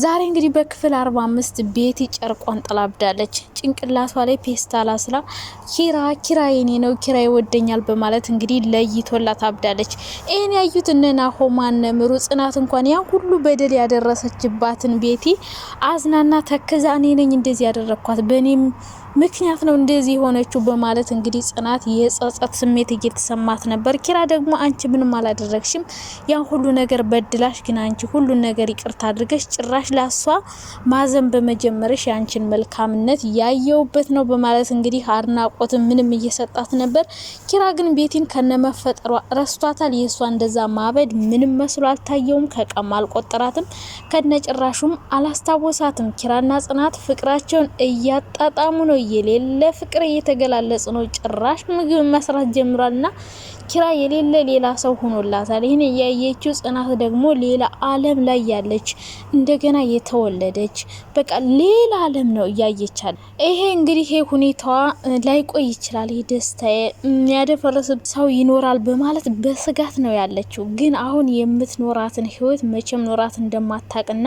ዛሬ እንግዲህ በክፍል 45 ቤቲ ጨርቋን ጥላብዳለች። ጭንቅላቷ ላይ ፔስታል አስላ ኪራ ኪራ የኔ ነው ኪራ ይወደኛል በማለት እንግዲህ ለይቶላት አብዳለች። ይህን ያዩት እነ ናሆማ ምሩ ጽናት እንኳን ያ ሁሉ በደል ያደረሰችባትን ቤቲ አዝናና ተከዛ እኔ ነኝ እንደዚህ ያደረግኳት በእኔም ምክንያት ነው እንደዚህ የሆነችው በማለት እንግዲህ ጽናት የጸጸት ስሜት እየተሰማት ነበር። ኪራ ደግሞ አንቺ ምንም አላደረግሽም ያን ሁሉ ነገር በድላሽ፣ ግን አንቺ ሁሉን ነገር ይቅርታ አድርገሽ ጭራ ጭራሽ ላሷ ማዘን በመጀመርሽ የአንችን መልካምነት ያየውበት ነው በማለት እንግዲህ አድናቆትን ምንም እየሰጣት ነበር። ኪራ ግን ቤቲን ከነመፈጠሯ ረስቷታል። የእሷ እንደዛ ማበድ ምንም መስሎ አልታየውም። ከቀም አልቆጠራትም፣ ከነጭራሹም አላስታወሳትም። ኪራና ጽናት ፍቅራቸውን እያጣጣሙ ነው። የሌለ ፍቅር እየተገላለጽ ነው። ጭራሽ ምግብ መስራት ጀምሯልና ኪራ የሌለ ሌላ ሰው ሆኖላታል። ይህን እያየችው ጽናት ደግሞ ሌላ ዓለም ላይ ያለች እንደገ ገና የተወለደች በቃ ሌላ አለም ነው እያየቻል። ይሄ እንግዲህ ይሄ ሁኔታዋ ላይቆይ ይችላል። ይህ ደስታዬ ያደፈረስ ሰው ይኖራል በማለት በስጋት ነው ያለችው። ግን አሁን የምትኖራትን ህይወት መቼም ኖራት እንደማታቅና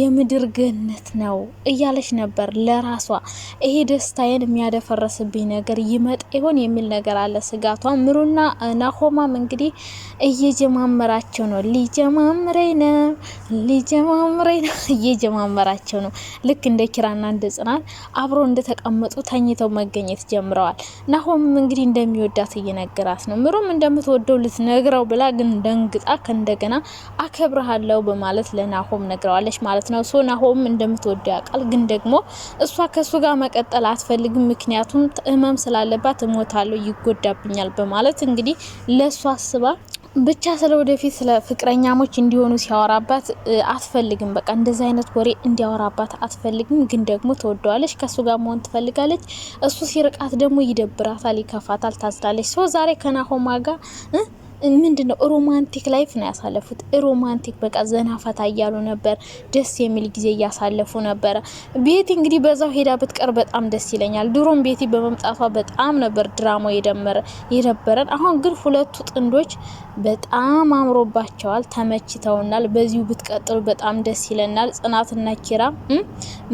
የምድር ገነት ነው እያለች ነበር ለራሷ። ይሄ ደስታዬን የሚያደፈረስብኝ ነገር ይመጣ ይሆን የሚል ነገር አለ ስጋቷ። ምሩና ናሆማም እንግዲህ እየጀማመራቸው ነው። ሊጀማምረኝ ነው፣ ሊጀማምረኝ ነው እየጀማመራቸው ነው። ልክ እንደ ኪራና እንደ ጽናት አብሮ እንደተቀመጡ ተኝተው መገኘት ጀምረዋል። ናሆም እንግዲህ እንደሚወዳት እየነገራት ነው። ምሮም እንደምትወደው ልትነግረው ብላ ግን ደንግጣ ከእንደገና አከብረሃለው በማለት ለናሆም ነግረዋለች ማለት ነው። ሶ ናሆም እንደምትወደው ያውቃል። ግን ደግሞ እሷ ከእሱ ጋር መቀጠል አትፈልግም። ምክንያቱም ህመም ስላለባት እሞታለሁ፣ ይጎዳብኛል በማለት እንግዲህ ለእሷ አስባ ብቻ ስለ ወደፊት ስለ ፍቅረኛሞች እንዲሆኑ ሲያወራባት አትፈልግም። በቃ እንደዚህ አይነት ወሬ እንዲያወራባት አትፈልግም። ግን ደግሞ ትወደዋለች፣ ከእሱ ጋር መሆን ትፈልጋለች። እሱ ሲርቃት ደግሞ ይደብራታል፣ ይከፋታል፣ ታዝዳለች። ሰው ዛሬ ከናሆማ ጋር ምንድነው ሮማንቲክ ላይፍ ነው ያሳለፉት። ሮማንቲክ በቃ ዘና ፈታ እያሉ ነበር። ደስ የሚል ጊዜ እያሳለፉ ነበረ። ቤቲ እንግዲህ በዛው ሄዳ ብትቀር በጣም ደስ ይለኛል። ድሮም ቤቲ በመምጣቷ በጣም ነበር ድራማ የደመረ የነበረን። አሁን ግን ሁለቱ ጥንዶች በጣም አምሮባቸዋል፣ ተመችተውናል። በዚሁ ብትቀጥሉ በጣም ደስ ይለናል። ጽናትና ኪራ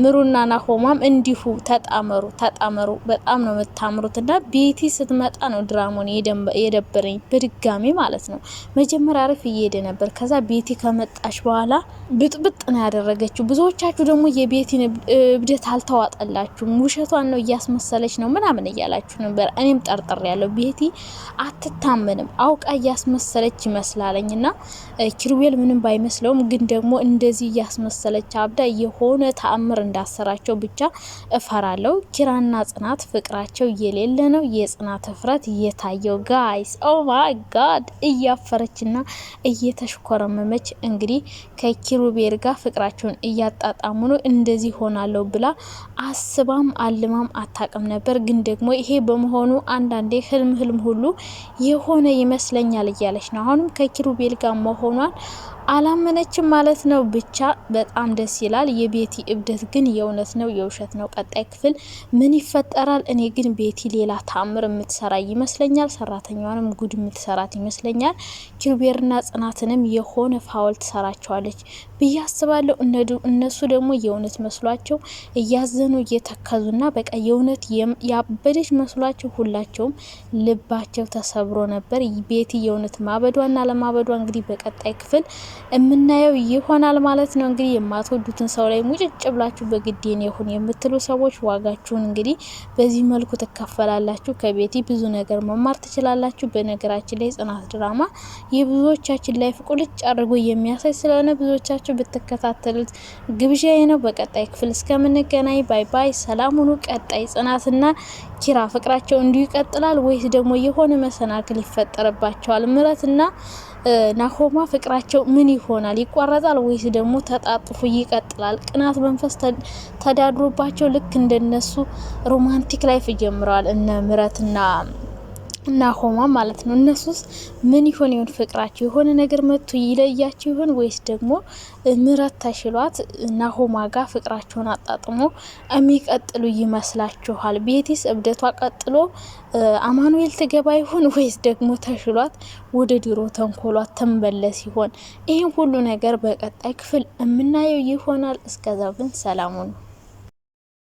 ምሩና ናሆማም እንዲሁ ተጣመሩ ተጣመሩ። በጣም ነው የምታምሩት። እና ቤቲ ስትመጣ ነው ድራማውን የደበረኝ በድጋሚ ማለት ነው። መጀመሪያ አሪፍ እየሄደ ነበር። ከዛ ቤቲ ከመጣች በኋላ ብጥብጥ ነው ያደረገችው። ብዙዎቻችሁ ደግሞ የቤቲን እብደት አልተዋጠላችሁም፣ ውሸቷን ነው እያስመሰለች ነው ምናምን እያላችሁ ነበር። እኔም ጠርጥር ያለው ቤቲ አትታመንም፣ አውቃ እያስመሰለች ይመስላለኝ እና ኪሩቤል ምንም ባይመስለውም ግን ደግሞ እንደዚህ እያስመሰለች አብዳ የሆነ ተአምር እንዳሰራቸው ብቻ እፈራለው። ኪራና ጽናት ፍቅራቸው የሌለ ነው። የጽናት እፍረት እየታየው ጋይስ ኦ ማይ ጋድ እያፈረችና እየተሽኮረመመች እንግዲህ ከኪሩቤል ጋር ፍቅራቸውን እያጣጣሙ ነው። እንደዚህ ሆናለሁ ብላ አስባም አልማም አታቅም ነበር። ግን ደግሞ ይሄ በመሆኑ አንዳንዴ ህልም ህልም ሁሉ የሆነ ይመስለኛል እያለች ነው። አሁንም ከኪሩቤል ጋር መሆኗን አላመነችም ማለት ነው። ብቻ በጣም ደስ ይላል። የቤቲ እብደት ግን የእውነት ነው የውሸት ነው? ቀጣይ ክፍል ምን ይፈጠራል? እኔ ግን ቤቲ ሌላ ታምር የምትሰራ ይመስለኛል። ሰራተኛዋንም ጉድ የምትሰራት ይመስለኛል። ኪሩቤርና ጽናትንም የሆነ ፋውል ትሰራቸዋለች ብዬ አስባለሁ። እነሱ ደግሞ የእውነት መስሏቸው እያዘኑ እየተከዙና በቃ የእውነት ያበደች መስሏቸው ሁላቸውም ልባቸው ተሰብሮ ነበር። ቤቲ የእውነት ማበዷና ለማበዷ እንግዲህ በቀጣይ ክፍል የምናየው ይሆናል ማለት ነው። እንግዲህ የማትወዱትን ሰው ላይ ሙጭጭ ብላችሁ በግዴን የኔ ይሁን የምትሉ ሰዎች ዋጋችሁን እንግዲህ በዚህ መልኩ ትከፈላላችሁ። ከቤቲ ብዙ ነገር መማር ትችላላችሁ። በነገራችን ላይ ጽናት ድራማ የብዙዎቻችን ላይ ቁልጭ አድርጎ የሚያሳይ ስለሆነ ብዙዎቻችሁ ብትከታተሉት ግብዣዬ ነው። በቀጣይ ክፍል እስከምንገናኝ ባይ ባይ፣ ሰላም ሁኑ። ቀጣይ ጽናትና ኪራ ፍቅራቸው እንዲሁ ይቀጥላል ወይስ ደግሞ የሆነ መሰናክል ይፈጠርባቸዋል? ምረትና ናሆማ ፍቅራቸው ምን ይሆናል? ይቋረጣል ወይስ ደግሞ ተጣጥፎ ይቀጥላል? ቅናት መንፈስ ተዳድሮባቸው ልክ እንደነሱ ሮማንቲክ ላይፍ ጀምረዋል እነ ምረትና ። ናሆማ ማለት ነው። እነሱስ ምን ይሆን ይሆን ፍቅራቸው? የሆነ ነገር መጥቶ ይለያቸው ይሆን ወይስ ደግሞ ምረት ተሽሏት ሆማ ጋር ፍቅራቸውን አጣጥሞ የሚቀጥሉ ይመስላችኋል? ቤቲስ እብደቷ ቀጥሎ አማኑኤል ትገባ ይሆን ወይስ ደግሞ ተሽሏት ወደ ድሮ ተንኮሏ ተንበለስ ይሆን? ይህም ሁሉ ነገር በቀጣይ ክፍል የምናየው ይሆናል። እስከዛ ግን ሰላሙን